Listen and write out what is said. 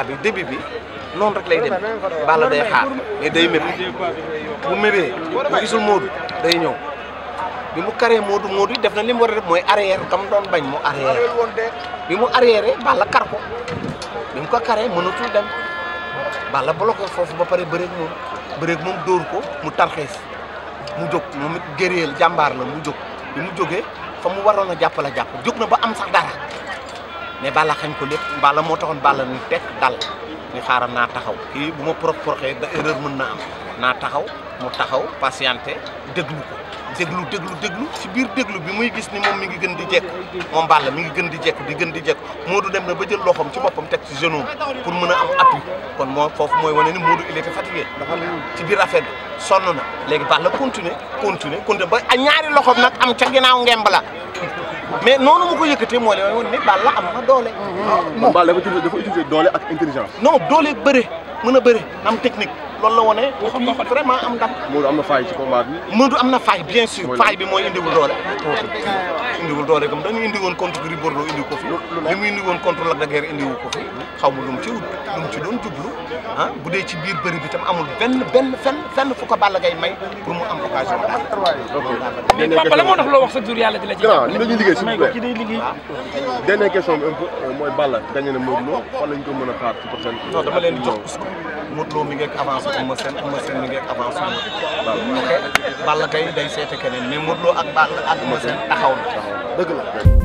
combat bi début bi noonu rek lay dem Balla day xaar mais day mébé bu mébee bu gisul Modou day ñëw bi mu karee Modou Modou def na li mu war def mooy arrière kam doon bañ mu arrière bi mu arrière Balla kar ko bi mu ko karee mënatul dem Balla bloqué foofu ba pare bëreeg moom bëreeg moom dóor ko mu tarxees mu jóg moom it gëréel jàmbaar la mu jóg bi mu jógee fa mu waroon a jàppale jàpp jóg na ba am sax dara mais bala xañ ko lépp Balla moo taxoon Balla ni tekk dal ni xaaral naa taxaw kii bu ma prox proxee da erreur mën na am naa taxaw mu taxaw patienté déglu ko déglu déglu déglu si biir déglu bi muy gis ni moom mi ngi gën di jekku moom Balla mi ngi gën di jekku di gën di jekku Modou dem na ba jël loxoom ci boppam teg si genou pour mën a am appui kon moo foofu mooy wane ni Modou il était fatigué ci biir affaire bi sonn na léegi Balla continuer continuer continuer ba ñaari loxoom nag am ca ginnaaw ngemb mais non, mu ne yëkkatee pas lay ne ni Balla am na utiliser faut utiliser doole ak intelligence. non doole bëre mën a bëre technique. loolu la wone kii vraiment am ndam. Modou am na faay ci bi. Modou am na faay bien sûr faay bi mooy indiwul doole. Oh. indiwul doole dañu indi woon contre Gris Bordeaux ko fi. li mu indi woon contre de mu ci wut lu mu ci ah, bu dee ci biir bëri bi tam amul benn benn fenn fenn fu ko Balla Gaye may pour mu am occasion daal. mais papa la moo bi un peu euh, mooy Balla gañe na Modou Lo ko a xaar ci prochaine. non dama leen Modou mi ngeeg avance Eumeu Sène Eumeu Sène mi ngeeg avance Modou Lo Balla Gaye day seete keneen mais Modou Lo ak Balla ak Eumeu Sène taxaw na dëgg la